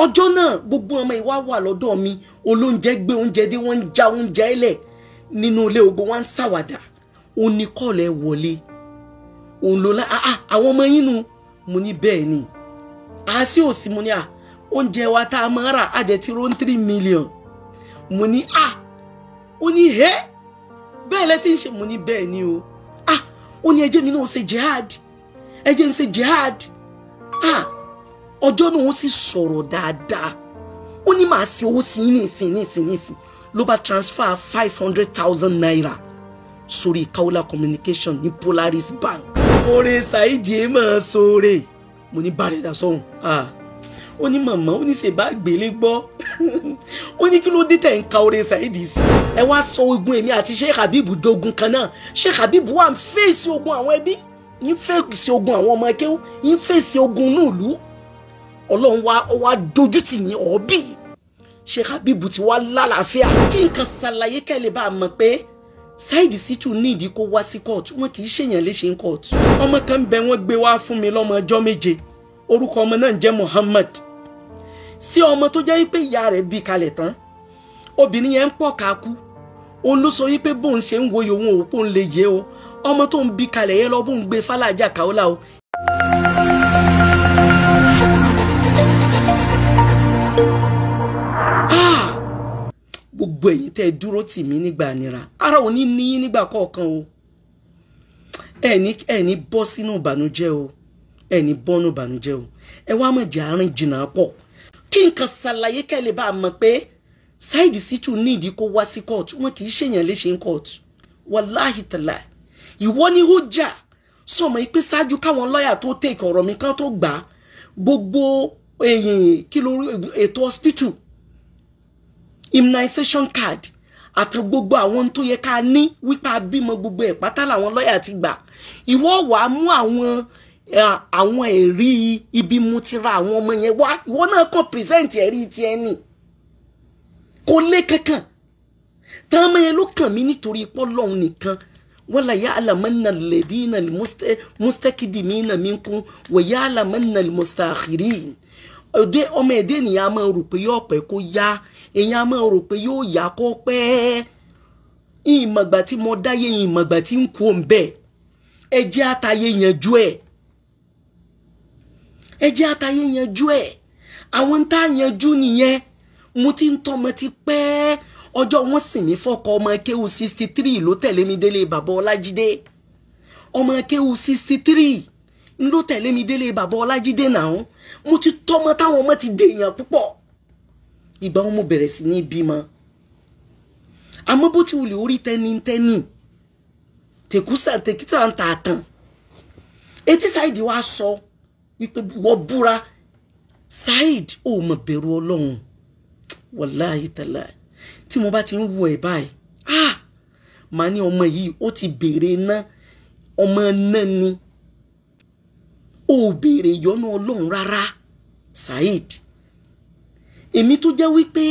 ọjọ́ náà gbogbo ọmọ ìwà wà lọ́dọ̀ mi olóúnjẹ gbé oúnjẹ dé wọ́n ń já oúnjẹ ẹlẹ̀ nínú ilé ogun wọn ń ṣàwàdà ó wọlé òun ló ah, ah, àwọn ọmọ yín nu mo ní bẹ́ẹ̀ ni àásì òsì mo ní à ah, oúnjẹ wa tá a máa rà àjẹ tí ron three million mo ní à ó ní hẹ́ bẹ́ẹ̀ lẹ́tí ń ṣe mo ní bẹ́ẹ̀ ni o à ó ní ẹjẹ́ mi náà ṣe jihad ẹjẹ́ ń ṣe jihad à. Ah ọjọ́ náà ó sì sọ̀rọ̀ dáadáa ó ní màá ṣe owó sí ní ìsìn ní ìsìn ló bá transfer five hundred thousand naira sórí kaola communication ní Polaris Bank. oore ṣáìdì ẹ máa sóore mo ní bá rẹ dà sọhùn ó ní màmá ó ní ṣe bá gbélé gbọ́ ó ní kí ló dé tẹ̀ ń ka oore ṣáìdì sí. ẹ wá sọ ogun èmi àti Sheikh Habib dogun kan náà Sheikh Habib wà ń fèsì ogun àwọn ẹbí yín fèsì ogun àwọn ọmọ ẹkẹ́wò yín fèsì ogun inú ìlú ọlọ́run wa wá dojú tì yín ọ̀ọ́bì Sheikh Habeeb ti wá lálàáfíà. kí nǹkan ṣàlàyé kẹ́lẹ́ bá a mọ̀ pé Saheed Shittu nídìí kó wá sí kóòtù wọn kì í ṣèyàn léṣe ń kóòtù. ọmọ kan ń bẹ wọn gbé wá fún mi lọ́mọ ọjọ́ méje orúkọ ọmọ náà ń jẹ́ Muhammad sí ọmọ tó jẹ́ wípé ìyá rẹ̀ bí kalẹ̀ tán obìnrin yẹn ń pọ̀ káku òun ló sọ wípé bóun ṣe ń woyè òun òun òun lè yé o ọmọ tó ń bí kalẹ̀ yẹn lọ bóun gbé fàlàjà kàólà o gbogbo ẹ̀yin tẹ́ ẹ dúró tì mí nígbà nira ara ò ní níyín nígbà kọ̀ọ̀kan o ẹni ẹni bọ́ sínú ìbànújẹ́ o ẹni bọ́nú ìbànújẹ́ o ẹ wá mọ̀ jẹ́ àárín jìnnà pọ̀ kí nǹkan ṣàlàyé kẹ́ lè bá a mọ̀ pé Saheed Shittu ní ìdí kó wá sí kóòtù wọn kì í ṣèyàn léṣe ń kóòtù wàláhì tàlà ìwọ ni ó jà sọmọ yìí pé ṣáájú káwọn lọ́ọ̀yà tó tẹ̀kọ̀ ọ̀rọ̀ mi kan tó gbà gbogbo èèyàn kí ló ètò hospital immunization card àti gbogbo àwọn ohun tó yẹ ká ní wípé a bímọ gbogbo ẹ̀ pátá làwọn lọ́ọ̀yà ti gbà ìwọ wà á mú àwọn àwọn ẹ̀rí ibi mu ti ra àwọn ọmọ yẹn wá ìwọ náà kàn present ẹ̀rí tiẹ̀ nì kò lé kankan tán ọmọ yẹn ló kàn mí nítorí ipò lọ́hùn nìkan wala ya'lamanna alladhina almustakdimina minkum wa ya'lamanna almustakhirin ọmọ èdè ènìyàn máa rò pé yóò pẹ́ kó yá èèyàn máa rò pé yóò yá kó pẹ́ ìmọ̀gbà tí mo dáyé ìmọ̀gbà tí ń kú òǹbẹ̀ ẹ jẹ́ àtàyè yanjú ẹ̀ ẹ jẹ́ àtàyè yanjú ẹ̀ àwọn tá a yanjú nìyẹn mo ti ń tọ́ ti pẹ́ ọjọ́ wọn sì ní fọ́kọ ọmọ kéwu sixty three ló tẹ̀lé mi délé bàbá ọlájídé ọmọ kéwu sixty three n ló tẹ̀lé mi délé bàbá ọlájídé náà mo ti tọ́mọ táwọn ọmọ ti dèèyàn púpọ̀ ìgbà wọn mo bẹ̀rẹ̀ sí ní bímọ àmọ́ bó ti wulẹ̀ orí tẹ́nitẹ́ni tèkúsà tèkítà ń ta àtàn etí Saheed wa sọ wípé wọ́n búra Saheed ò mọ̀ bẹ̀rù ọlọ́run wàláhì tàlà tí mo bá ti ń wo ẹ̀ báyìí ah màá ní ọmọ yìí ó ti béèrè iná ọmọ náà ni ò béèrè ìyọ́nú ọlọ́run rárá Saheed èmi tó jẹ́ wípé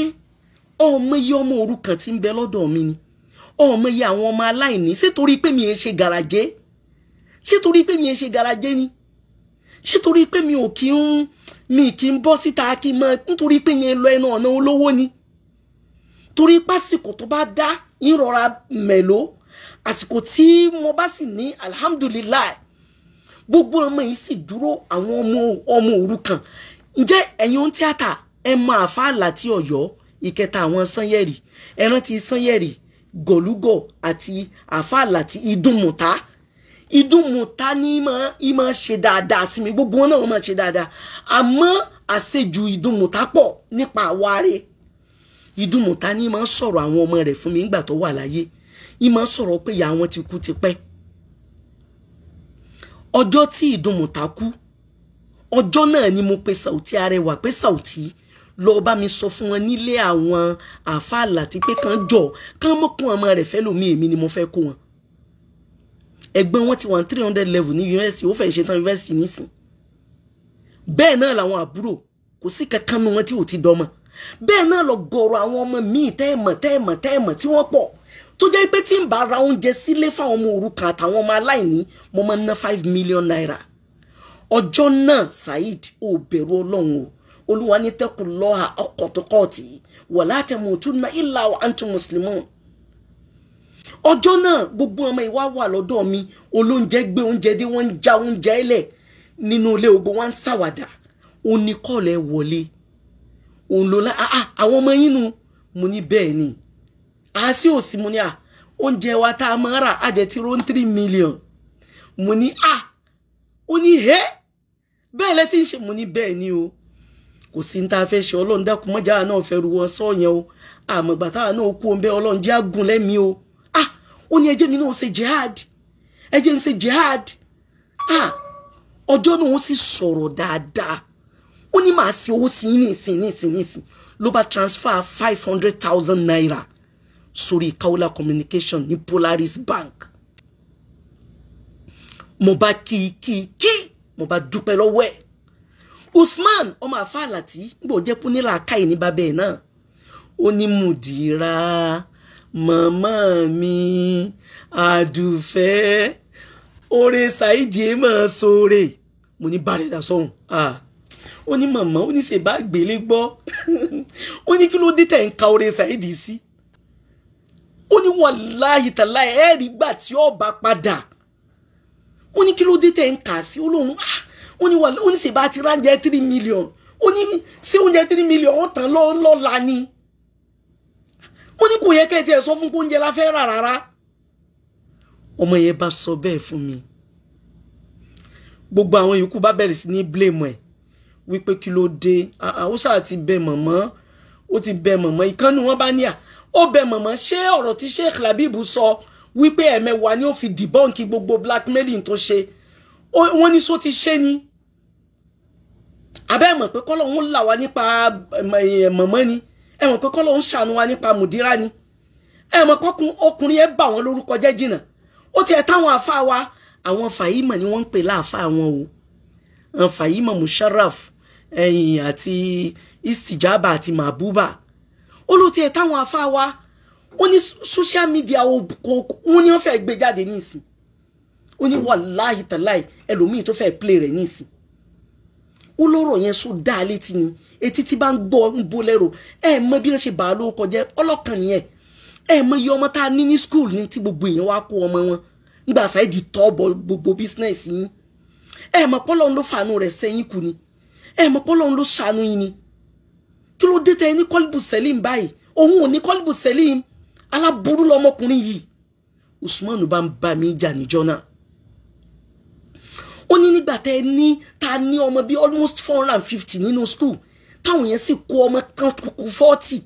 ọmọ iye ọmọ òrukàn tí ń bẹ lọ́dọ̀ mi ni ọmọ iye àwọn ọmọ aláìní ṣé torí pé mi ẹ ṣe gàràjé ṣé torí pé mi ẹ ṣe gàràjé ni ṣé torí pé mi ò kí ń mi kì í bọ́ síta kí n mọ nítorí pé yẹn lọ ẹnu ọ̀nà olówó ni torí pásìkò tó bá dá ń rọra mẹ̀ló àsìkò tí mo bá sì ní alihamudulilayi gbogbo ọmọ yìí sì dúró àwọn ọmọ ọmọ òrukàn ǹjẹ́ ẹ̀yin ohun tíátà ẹ mọ àfáàlà tí ọ̀yọ́ ìkẹta àwọn sanyẹ̀rì ẹ rántí sanyẹ̀rì gòlúgò àti àfáàlà tí ìdùnmùtá ìdùnmùtá ní ìmọ̀ ṣe dáadáa sí mi gbogbo wọn náà wọ́n máa ṣe dáadáa àmọ́ àṣejù ìdùnmùtá pọ̀ nípa àwárí ìdùnmùtá ní ìmọ̀ sọ̀rọ̀ àwọn ọmọ rẹ̀ fún mi nígbà tó wà láyé ìmọ̀ sọ̀rọ̀ pé ìyá wọn ti kú tipẹ́ ọjọ́ tí ìdùnmùtà kú ọjọ́ náà ni mo pe Saoty Arẹwà pé Saoty lọ bá mi sọ fún wọn nílé àwọn àfàlà tí pé kan jọ kán mọ́kún ọmọ rẹ̀ fẹ́ lómi èmi ni mo fẹ́ kó wọn ẹ̀gbọ́n wọn ti wà ní three hundred level ní yunifásitì ó fẹ́ẹ́ ṣe tán yunifásitì nísìn bẹ́ẹ̀ náà làwọn àbúrò kò sí kankan nu wọn tí ò ti dọ́mọ bẹ́ẹ̀ náà lọ gọ̀ọ̀rọ̀ àwọn ọmọ míì tẹ́ẹ̀mọ̀ tẹ́ẹ̀mọ̀ tẹ́ẹ̀mọ̀ tí wọ́n pọ̀ tó jẹ́ pé tí n bá ra oúnjẹ sílé fáwọn ọmọ òrukàn àtàwọn ọmọ aláìní mo máa ń ná five million naira ọjọ́ náà Saheed ò bẹ̀rù ọlọ́run o olúwa ní tẹ́kù lọ́ha ọkọ̀ tó kọ́ọ̀tì wà látẹ̀mú tún ná ìlà àǹtí mùsùlùmí ọjọ́ náà gbogbo ọmọ ìwà wà lọ́dọ̀ mi olóúnjẹ gbé oúnjẹ dé wọ́n ń já oúnjẹ ẹlẹ̀ nínú ilé ogun wọn ń ṣàwàdà ó ní kọ́ọ̀lù ẹ wọlé òun ló lá ah, ah, àwọn ọmọ yín nu mo ní bẹ́ẹ̀ ni. àásì òsì a máa rà á ti ro three million a ní hẹ ti ń ṣe mo ní ni o kò sí ní tá a fẹ́ ṣe ọlọ́run dákun mọ́jà náà o àmọ̀gbà táwa ku kú oúnjẹ gun le mi o ah jihad eje nse jihad à ọjọ́ náà ó sì sọ̀rọ̀ dáadáa ó lo ba transfer five naira sórí Kaola communication ní Polaris Bank mo bá kí kí kí mo bá dúpẹ́ lọ́wọ́ ẹ̀ Usman ọmọ àfàlà tí gbò jẹ́ kú nílà káì ní bàbá ẹ̀ náà ó ní mùdìrà màmá mi àdùfẹ́ oore ṣáìdì ẹ̀ máa sóore mo ní bá rẹ̀ dà sọ́hùn ó ní màmá ó ní ṣe bá gbélé gbọ́ ó ní kí ló dé tẹ̀ ń ka oore ṣáìdì sí. Si ó ní wọn láàyè tàlá ẹ̀ẹ́rì gbà tí ó bá padà ó ní kí ló dé tẹ̀ ń kà sí olóhùn ah, ó ní wọn ó ní ṣèbá ti ránjẹ three million ó ní ṣé oúnjẹ three million ó tán lọ́la ni ó ní kò yẹ kẹ́ ẹ sọ fún kó oúnjẹ la fẹ́ rà rárá ọmọ yẹn bá sọ bẹ́ẹ̀ fún mi gbogbo àwọn yòókù bá bẹ̀rẹ̀ sí ní blame ẹ̀ wípé kí ló dé ah, ah, ó ṣáà ti bẹ mọ̀mọ́ ó ti bẹ mọ̀mọ́ ìkànnì wọn bá ní à ó bẹ mọ̀mọ́ ṣé ọ̀rọ̀ tí Sheikh Labib sọ wípé ẹ̀mẹwàá ni ó fi dìbọ́ǹkì gbogbo blackmailing tó ṣe wọ́n ní sọ ti ṣe ni abẹ́ mọ̀ pé kọ́lọ̀ ń là wá nípa mọ̀mọ́ ni ẹ mọ̀ pé kọ́lọ̀ ń ṣàánú wá nípa mùdírà ni ẹ mọ̀ pé ọkùnrin ẹ bà wọ́n lórúkọ jẹ́ jìnnà ó ti ẹ̀ táwọn àfa wa àwọn fàyímọ̀ ni wọ́n ń pè láàfa àwọn o àwọn fàyímọ̀ musharraf ẹ̀yìn àti istijaba àti mabuba ó ló tiẹ̀ táwọn afá ó ní social media òun ni wọ́n fẹ́ gbé jáde nísìn ó ní wàláhì tàláì ẹlòmíì tó fẹ́ play rẹ̀ nísìn ó lọ́rọ̀ yẹn sọ dá a létí ni etí tí bá ń gbọ́ ń bo lẹ́rọ ẹ mọ bí wọ́n ṣe bàá ló kọjá ọlọ́kàn nìyẹn ẹ mọ iye ọmọ tá a ní ní school ni tí gbogbo èèyàn wá kó ọmọ wọn nígbà sáìdì tọ́ bọ gbogbo business yín ẹ mọ pọ́lọ́run ló fàánú rẹ̀ sẹ́yìn kù ni ẹ mọ pọ́lọ́run ló ṣàánú yín ni kí ló dé tẹ ẹ ní kọ́líbù sẹ́lìm báyìí òun ò ní kọ́líbù sẹ́lìm aláburú lọmọkùnrin yìí Usman bá ń bá mi jà níjọ́ náà ó ní nígbà tẹ ẹ ní ta ní ọmọ bíi almost four hundred and fifty nínú school táwọn yẹn sì kó ọmọ kan kú forty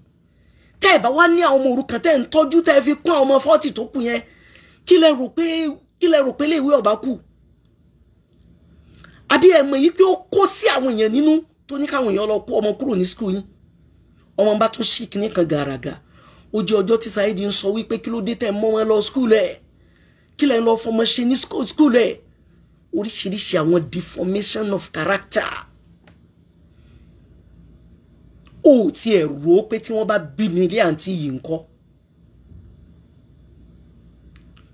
tẹ ẹ bá wá ní àwọn ọmọ òrukàn tẹ ẹ ń tọ́jú tẹ ẹ fi kún àwọn ọmọ forty tó kù yẹn kí lẹ rò pé kí lẹ rò pé léèwé ọba kù àbí ẹ mọ̀ yìí pé ó kó sí àwọn èèyàn nínú tó ní káwọn èèyàn lọ kó ọmọ kúrò ní school yín ọmọ bá tún ṣì kíní kan gàràgà ó jẹ́ ọjọ́ tí Saheed ń sọ wípé kí ló dé tẹ̀ mọ́ wọn lọ skul ẹ̀ kí lẹ́yìn lọ fọmọ ṣe ní skul ẹ̀ oríṣiríṣi àwọn deformation of character ó tiẹ̀ rò ó pé tí wọ́n bá bí mi ilé àǹtí yìí ń kọ́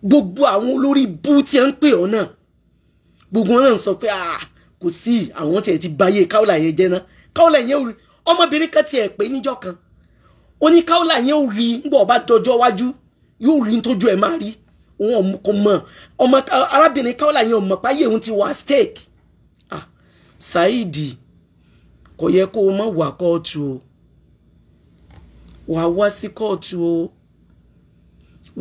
gbogbo àwọn olórí bú tí ẹ ń pè ọ́ náà gbogbo wọn náà sọ pé ah, kò sí àwọn tiẹ̀ ti báyé káwọ́là yẹn jẹ́ náà káwọ́là yẹn ò rí ọmọbìnrin kan tiẹ̀ pé níjọ́ kan oníkáwọ́là yẹn ò rí nígbà ọba dọjọ́ wájú yóò rí nítójú ẹ̀ máa rí òun kò mọ̀ ọmọ arábìnrin káwọ́là yẹn ò mọ̀ páyé òun ti wà steak ah Saidi kò yẹ kó o mọ̀ wà kóòtù o wàá wá sí kóòtù o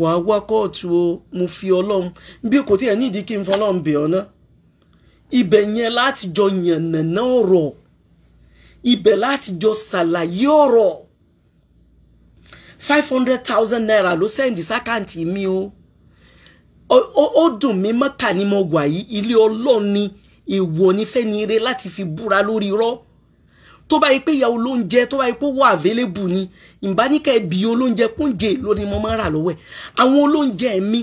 wàá wá kóòtù o mo fi ọlọ́run bí kò tiẹ̀ nídìí kí n fọlọ́run bẹ̀ ọ́ ná ibẹ̀ yẹn láti jọ yànnàná ọ̀rọ̀ ibẹ̀ láti jọ ṣàlàyé ọ̀rọ̀ five hundred thousand naira ló sẹ́ndì sákàǹtì mi o ó dùn mí mọ́kà ni mo wà yìí ilé ọlọ́run ni èèwọ̀ ni fẹ́ni eré láti fi búra lórí irọ́ tó bá yẹ pé ìyá olóúnjẹ tó bá yẹ pé ó wà available ni ìbáníkà ẹbí olóúnjẹ kúnjẹ ló mo máa ń rà lọ́wọ́ ẹ̀ àwọn olóúnjẹ mi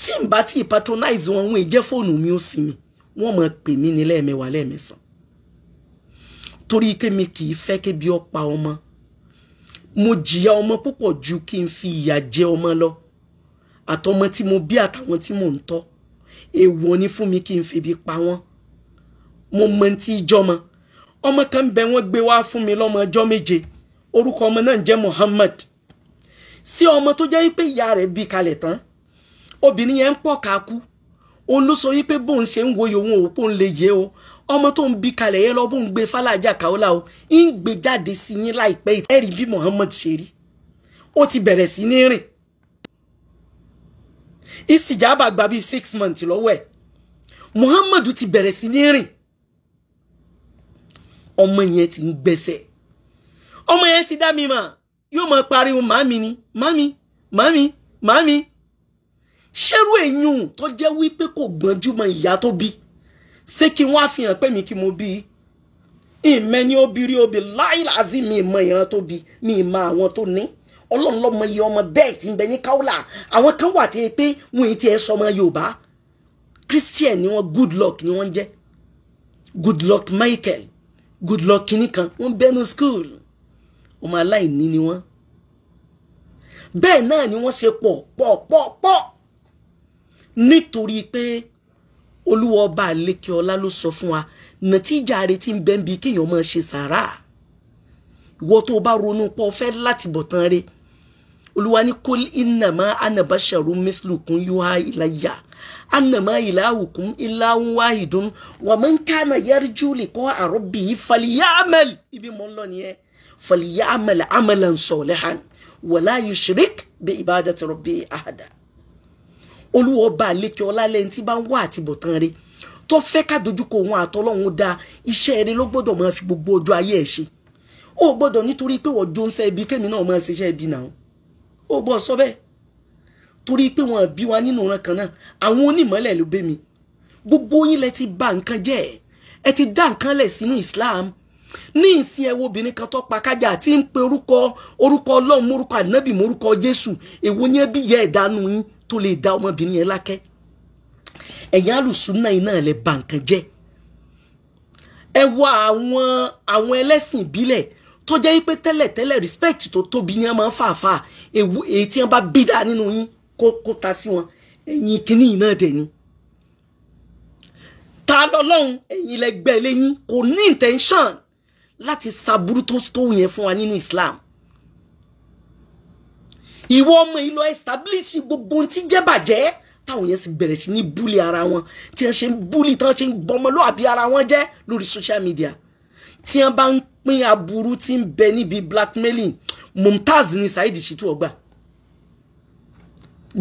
tí n bá ti patronize wọn wọn èjẹ́ fóònù mi ó sinmi wọ́n máa pè mí ní lẹ́ẹ̀mẹwàá lẹ́ẹ̀mẹsàn torí kémi kì í fẹ́ kébi ó pa ọmọ mo jìyà ọmọ púpọ̀ ju kí n fi ìyà jẹ ọmọ lọ àtọmọ tí mo bí àtàwọn tí mò ń tọ́ èèwọ̀ ni fún mi kí n febi pa wọ́n mo mọ tí ìjọmọ ọmọ kan bẹ wọ́n gbé wá fún mi lọ́mọ ọjọ́ méje orúkọ ọmọ náà jẹ́ Muhammad sí ọmọ tó jẹ́ pé ìyá rẹ̀ bí kalẹ̀ tán obìnrin yẹn ń pọ̀ ká òun ló sọ wípé bóun ṣe ń woyè òun òun bóun lè yé o ọmọ tó ń bí kalẹ̀ yẹn lọ bóun gbé fàlàjà kàólà o ń gbé jáde sí yín láìpẹ́ ìtẹ́rì bí Muhammad ṣe rí ó ti bẹ̀rẹ̀ sí ní rìn ìsìjàbà gba bíi six months lọ́wọ́ ẹ̀ Muhammad ti bẹ̀rẹ̀ sí ní rìn ọmọ yẹn ti ń gbẹ́sẹ̀ ọmọ yẹn ti dá mi mà yóò máa pariwo màmí ni màmí màmí màmí ṣerú èyàn tó jẹ́ wípé kò gbọ́njúmọ́ ìyá tó bí ṣé kí wọ́n á fi hàn pé mi kí mo bí ìmẹ́ ni obìnrin obì láìláàzí mi ìmọ̀ ìran tó bí mi ìmọ̀ àwọn tó ní ọlọ́run iye ọmọ bẹ́ẹ̀ tí ń bẹ ní káwọ́là àwọn kan wà tí pé wọn èyí tí sọ ọmọ yorùbá christian ni wọn good luck ni wọn jẹ good luck michael good luck kinní kan wọn bẹnu school ọmọ aláìní ni wọn bẹ́ẹ̀ náà ni wọ́n ṣe pọ̀ pọ̀ pọ̀ pọ̀ nítorí pé olúwa ọba àlékè ọlá ló sọ fún wa nàtíjà retí ń bẹ́ẹ̀ bí kéèyàn máa ṣe sàárà ìwọ tó o bá ronú pọ̀ fẹ́ láti bọ̀ tán re olúwa ní kó ìnàmá ànàbàṣàrú mẹsìlùkún yóò iláyà ànàmá ìlàhùkún ìlàhùnwá ìdún wà máa ń kánà yẹrìjú lè kọ́ àròbì fàlìyàmẹ́lì ibi mọ́ lọ nìyẹn fàlìyàmẹ́lì àmẹ́lẹ̀ ń sọ̀lẹ̀ hàn wàlá yushrik bí ibadati rabbi ahada olúwa ọba àlékè ọlá lẹ́yìn tí bá ń wá àtibọ̀tán rẹ̀ tó fẹ́ ká dojúkọ òun àtọlọ́hún da iṣẹ́ rẹ̀ ló gbọ́dọ̀ máa fi gbogbo ọjọ́ ayé ẹ̀ ṣe ó gbọ́dọ̀ nítorí pé wọ́n jó ń sẹ́ ibi kémi náà máa ṣiṣẹ́ ibi náà ó bọ́ sọ bẹ́ẹ̀ torí pé wọ́n bí wa nínú ran kan náà àwọn onímọ̀lẹ̀ ló bẹ́ mi gbogbo yín lẹ ti bà nǹkan jẹ́ ẹ ti dá nǹkan lẹ̀ sínú Islam ní ìsìn ẹwọ obìnrin kan tó pa kájà tí ń pe orúkọ orúkọ Ọlọ́run mórúkọ ànábì mórúkọ Jésù èwo ni ẹbí yẹ ẹ̀dánù yín tó lè da ọmọbìnrin yẹn lákẹ́ ẹ̀yin alùsùnà yìí náà lè ba nǹkan jẹ́ ẹ wá àwọn àwọn ẹlẹ́sìn ìbílẹ̀ tó jẹ́ wípé tẹ́lẹ̀tẹ́lẹ̀ respect tó tóbi ni wọ́n máa ń fàáfà èyí tí wọ́n bá bí dáa nínú yín kó ta sí wọn ẹ̀yin kínní yìí náà dẹ̀ ni ta lọ́lọ́run ẹ̀yin lẹ́gbẹ́ lẹ́yìn kò ní intention láti ṣàbúrú tó tó yẹn fún wa nínú Islam ìwọ ọmọ ìlọ establish gbogbo ohun tí jẹ́ bàjẹ́ táwọn yẹn sì bẹ̀rẹ̀ sí ní búlì ara wọn tí wọ́n ṣe ń búlì tí wọ́n ṣe ń gbọmọlúàbí ara wọn jẹ́ lórí social media tí wọ́n bá ń pín aburú tí ń bẹ níbi blackmailing Mumtaz ní Saheed Shittu ọgbà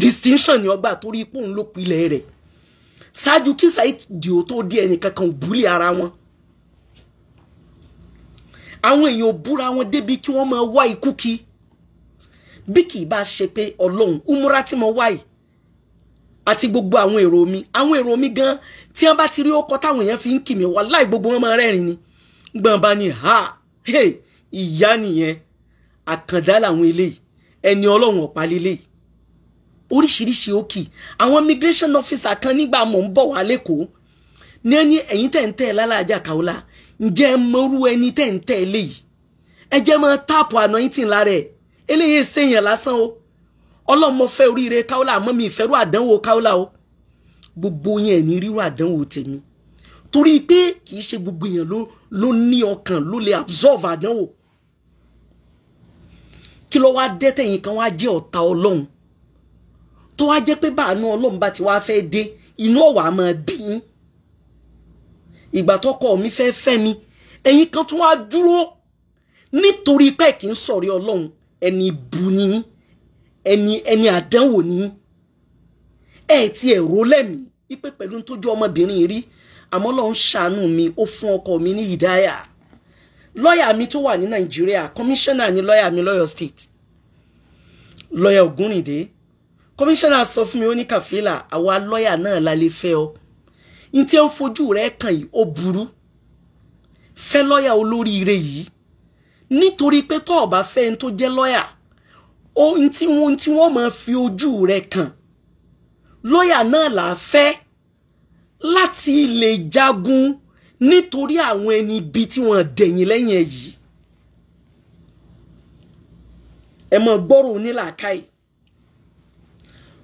distinction ni ọgbà torí ipò ń lò pilẹ̀ rẹ̀ ṣáájú kí Saheed Shittu tó di ẹnìkan kan búlì ara wọn àwọn èèyàn búra wọn débi kí wọ́n máa wá ikú kí bí kì í bá ṣe pé ọlọ́run umura tí mo wá yìí àti gbogbo àwọn èrò mi àwọn èrò mi gan tí wọ́n bá ti rí ọkọ táwọn èèyàn fi ń kì mí wá láì gbogbo wọn máa rẹ́rìn ni gbọ̀nba ni ha ìyá nìyẹn àkàndá làwọn eléyìí ẹni ọlọ́run ọ̀pá lélẹ́yìí oríṣiríṣi òkì àwọn immigration officer kan nígbà mọ̀ ń bọ̀ wá lẹ́kọ̀ọ́ ní ẹni ẹ̀yìn tẹ̀ ń tẹ̀ lálàájà kàwọ́lá ǹjẹ́ mọ́rú ẹni tẹ̀ ń tẹ̀ léyìí ẹ jẹ́ mọ́ táàpù àná lára ẹ̀ eléyìí ṣèyàn lásán o ọlọ́mọ fẹ́ oríire káólà àmọ́ mi ìfẹ́rù àdánwò káólà o gbogbo yẹn ní rírú àdánwò tèmi torí pé kì í ṣe gbogbo yẹn ló ló ní ọkàn ló lè absorb àdánwò kí ló wá dẹ́tẹ̀yìn kan wá jẹ́ ọ̀tá ọlọ́run tó wá jẹ́ pé báàánú ọlọ́run bá ti wá fẹ́ dé inú ọ̀wà máa bí yín ìgbà tọkọ mi fẹ́ fẹ́ mi ẹ̀yin kan tún wá dúró nítorí pé kì í sọ̀rí ọlọ́run ẹni bu ni ẹni ẹni àdánwò ni ẹ ti ẹ̀ ró lẹ́mìí wípé pẹ̀lú tójú ọmọbìnrin rí àmọ́ lọ́n ṣàánú mi ó fún ọkọ mi ní ìdáyà lọ́ọ̀yà mi tó wà ní nàìjíríà kọmíṣánná ni lọ́ọ̀yà mi lọ́yọ̀ state lọ́ọ̀yà ògúnrìndé kọmíṣánná sọ fún mi ó ní kàfílà àwa lọ́ọ̀yà náà la lè fẹ́ ọ ní tí ó ń fojú rẹ kàn yìí ó burú fẹ́ lọ́ọ̀yà olóríire yìí nítorí pé tó bá fẹ́ ẹni tó jẹ́ lọ́yà ohun tí wọ́n tí wọ́n máa fi ojú rẹ̀ kàn lọ́yà náà là á fẹ́ láti lè jagun nítorí àwọn ẹni ibi tí wọ́n dẹ̀yìn lẹ́yìn ẹ̀ yìí ẹ mọ̀ gbọ́rọ̀ onílàákàyè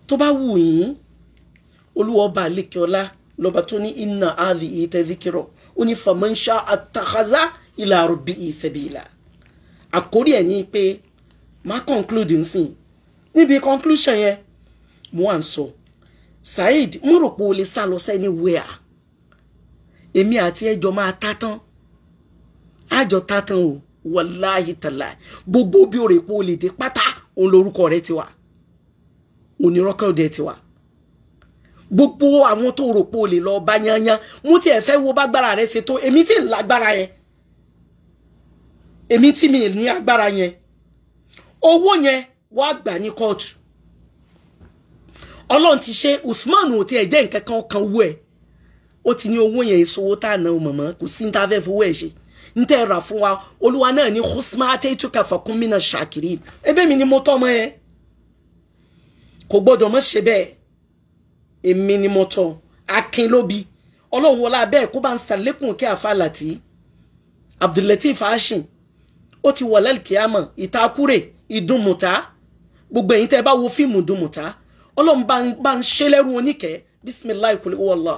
tó bá wù yín olúwọba àlekèọlá lọba tó ní iná àdìyí tẹ́síkìrọ̀ ó ní fàmọ́ńṣá àtàkàzá ìlà àrùbí ìṣẹ̀bìlà àkórí ẹ̀ ní pé má conclude nsìn níbi conclusion yẹn mo wà ń sọ Saheed mo rò pé o lè sá lọ sẹ́ni wíà èmi àti ẹjọ́ máa ta tán àjọ ta tán o wàláhì tàlà gbogbo bí o rè pé o lè dé pátá òun lorúkọ rẹ ti wà onírọ́kàn òde ti wà gbogbo àwọn tó rò pé o lè lọ bá yányán mo tiẹ̀ fẹ́ wo bágbára rẹ ṣe tó èmi tí ń lágbára yẹn èmi tí mi ní agbára yẹn owó yẹn wàá gbà ní kóòtù ọlọ́run ti ṣe usman ò tiẹ̀ jẹ́ nǹkan kan kan owó ẹ̀ ó ti ní owó yẹn ìṣòwò tá à ná mọ̀mọ́ kò sí níta fẹ́ fowó ẹ̀ ṣe níta ẹ̀ rà fún wa olúwa náà ní husma atẹ́tù kàfọ́kún mí náà ṣàkiri ẹ̀bẹ̀ mi ni mo tọ́ ọmọ yẹn kò gbọ́dọ̀ mọ́ ṣe bẹ́ẹ̀ èmi ni mo tọ́ akin lóbi ọlọ́run wọlé abẹ́ ẹ̀ kó bá ń sàlékùn kí àfa làtí abdulateef hashim ó ti wà lálìkíyàmọ̀ ìtakúrè ìdùnmùtá gbogbo ẹ̀yin tẹ́ bá wo fíìmù ìdùnmùtá ọlọ́run bá ń ṣe lẹ́rù oníkẹ́ bisimilayi kò lè wọ́ lọ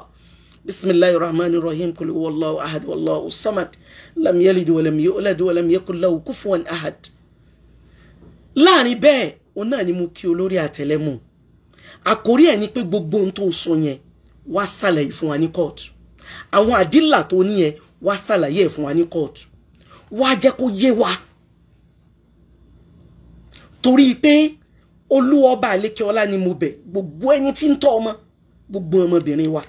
bisimilayi rahmani rahim kò lè wọ́ lọ ahad wọ́ lọ usamad lam yalid wa lam yulad wa lam yakun lahu kufuwan ahad. láàrin bẹ́ẹ̀ òun náà ni mo kí olórí àtẹlẹ́mù àkórí ẹ̀ ni pé gbogbo ohun tó sọ yẹn wá ṣàlàyé fún wa ní kóòtù àwọn àdìlà tó ní yẹn wá ṣàlàyé ẹ̀ fún wa ní kóòtù wá jẹ́ kó yé wa torí pé olúwa ọba àlékè ọlá ni mo bẹ̀ gbogbo ẹni tí ń tọ́ ọmọ gbogbo ọmọbìnrin wa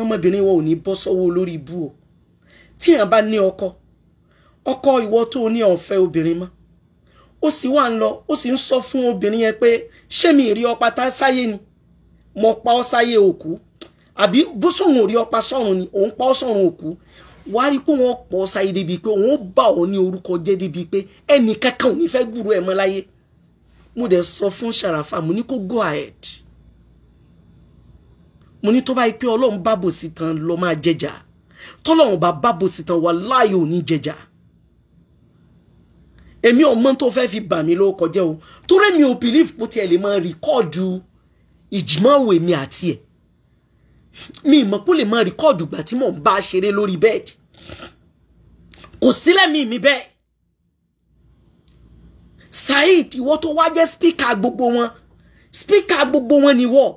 ọmọbìnrin wa ò ní bọ́ sọ́wọ́ olórí ibú o tí èèyàn bá ní ọkọ ọkọ ìwọ tó ní ọ̀fẹ́ obìnrin mọ́ ó sì wà ń lọ ó sì ń sọ fún obìnrin yẹn pé ṣé mi rí ọpa tá sáyé ni mo pa ọ́ sáyé òkú àbí bó sóhun ọpa sọ́run ni òun pa ọ́ sọ́run òkú wàá rí pé wọ́n pọ̀ ṣáyé débi pé wọ́n bà ọ́ ní orúkọ jẹ́ débi pé ẹnì kankan ò ní fẹ́ gbúrò ẹ̀ mọ́ láyé mo dẹ̀ sọ fún Ṣàràfà mo ní kó go ahead mo ní tó bá yí pé ọlọ́run bá bòsí tán lọ máa jẹjà tọ́lọ́run bá bá bòsí tán wà láàyè ò ní jẹjà èmi ò mọ tó fẹ́ fi bà mí ló kọjá o torí mi ò believe pé tiẹ̀ lè máa rìkọ́ọ̀dù ìjìmọ̀wò èmi àti ẹ̀ mi ì mọ̀ pé ó lè máa rìkọ́ọ̀dù ìgbà tí mò ń bá a ṣeré lórí bẹ́ẹ̀dì kò sílẹ̀ mi mi bẹ́ẹ̀ Saheed ìwọ tó wá jẹ́ spíkà gbogbo wọn spíkà gbogbo wọn ni wọ́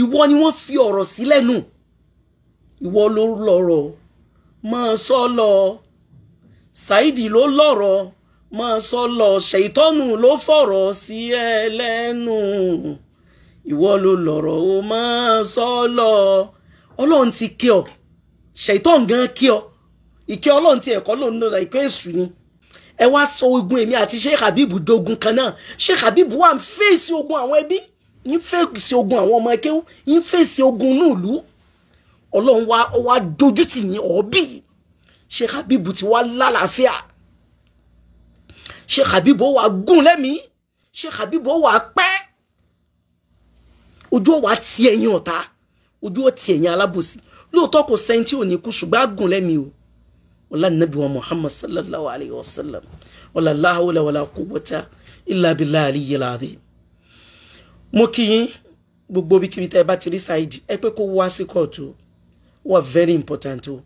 ìwọ ni wọ́n fi ọ̀rọ̀ sílẹ̀ nù ìwọ ló lọ́rọ̀ máa sọ lọ Saheed ló lọ́rọ̀ máa sọ lọ ṣèitọ́nù ló fọ̀rọ̀ sí ẹ lẹ́nu ìwọ ló lọ́rọ̀ ó máa sọ lọ ọlọ́run ti kí ọ ṣètọ́n gan ki ọ ìkẹ́ olon ti eko lòun lọ́la ìkẹ́ èṣù ni ẹ wá sọ ogun èmi àti Sheikh Habib dogun kan náà Sheikh Habib wà ń fèsì ogun àwọn ẹbí yín fèsì ogun àwọn ọmọ ẹkẹ́wò yín fèsì ogun núùlù ọlọ́run wa wa dojú tì yín ọ̀ọ́bì Sheikh Habib ti wá lálàáfíà Sheikh Habib ó wà gùn lẹ́mìí Sheikh Habib wa wà pẹ́ wa ó wà ti ẹ̀yìn ọ̀tá ojú ti ẹ̀yìn alábòsí lóòótọ́ kò sẹ́ni tí ò ní kú ṣùgbọ́n àgùn lẹ́mi o ọlá nàbí wa muhammad sallallahu alayhi wa sallam ọlá láhùlẹ̀ wàlá quwwata illa billahi aliyyil azim. mo kí yín gbogbo ibikíbi tẹ́ ẹ bá ti rí Saidi ẹ pé kó wá sí kóòtù wà very important o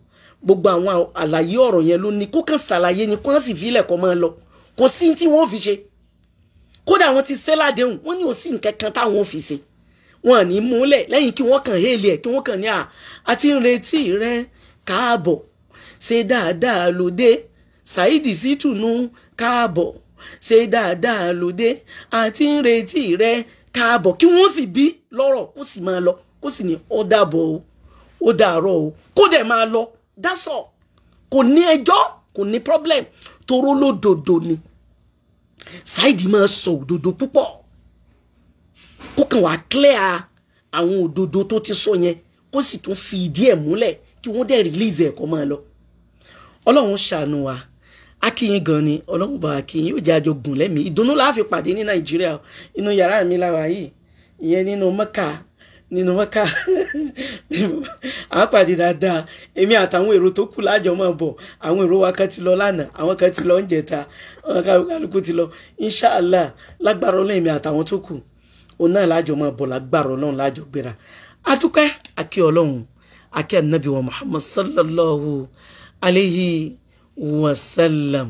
gbogbo àwọn àlàyé ọ̀rọ̀ yẹn ló ní kó kàn ṣàlàyé ni kó hàn sì fílẹ̀ kọ́ máa lọ kò sí tí wọ́n fi ṣe kódà wọ́n ti ṣe ládéhùn wọ́n ní ò sí nǹkan kan táwọn fi ṣe wọn ní múlẹ̀ lẹ́yìn kí wọ́n kàn héèlì ẹ̀ kí wọ́n kàn ní à àti ń retí rẹ káàbọ̀ ṣe dáadáa lóde Saidi Shittu káàbọ̀ ṣe dáadáa lóde àti ń retí rẹ káàbọ̀ kí wọ́n sì bí lọ́rọ̀ kó sì máa lọ kó sì ní ó dàbọ̀ o ó dàárọ̀ o kó dẹ̀ máa lọ dásọ̀ kò ní ẹjọ́ kò ní problem toró lódodo ni Saidi máa sọ òdodo púpọ̀ kó kàn wá a àwọn òdodo tó ti sọ yẹn kó sì tún fi ìdí ẹ̀ múlẹ̀ kí wọ́n dẹ̀ release ẹ̀ kó máa lọ ọlọ́run ṣàánú wa akíyín gan ni ọlọ́run bá akíyín yóò jẹ́ àjọ gùn lẹ́mìí ìdùnnú la fi pàdé ní nàìjíríà inú yàrá mi lára yìí ìyẹn nínú mẹ́kà nínú mẹ́kà à ń pàdé dáadáa èmi àtàwọn èrò tó kù lájọ máa bọ̀ àwọn èrò wa kan ti lọ lánàá àwọn kan ti lọ ń jẹta àwọn kálukú ti lọ inṣàlá lágbára ọlọ́run èmi àtàwọn tó kù òun náà lájọ máa bọ̀ lágbára ọlọ́run lájọ gbéra adúpẹ́ àkí ọlọ́run àkí ànábì wa muhammad sallallahu alayhi wa sallam.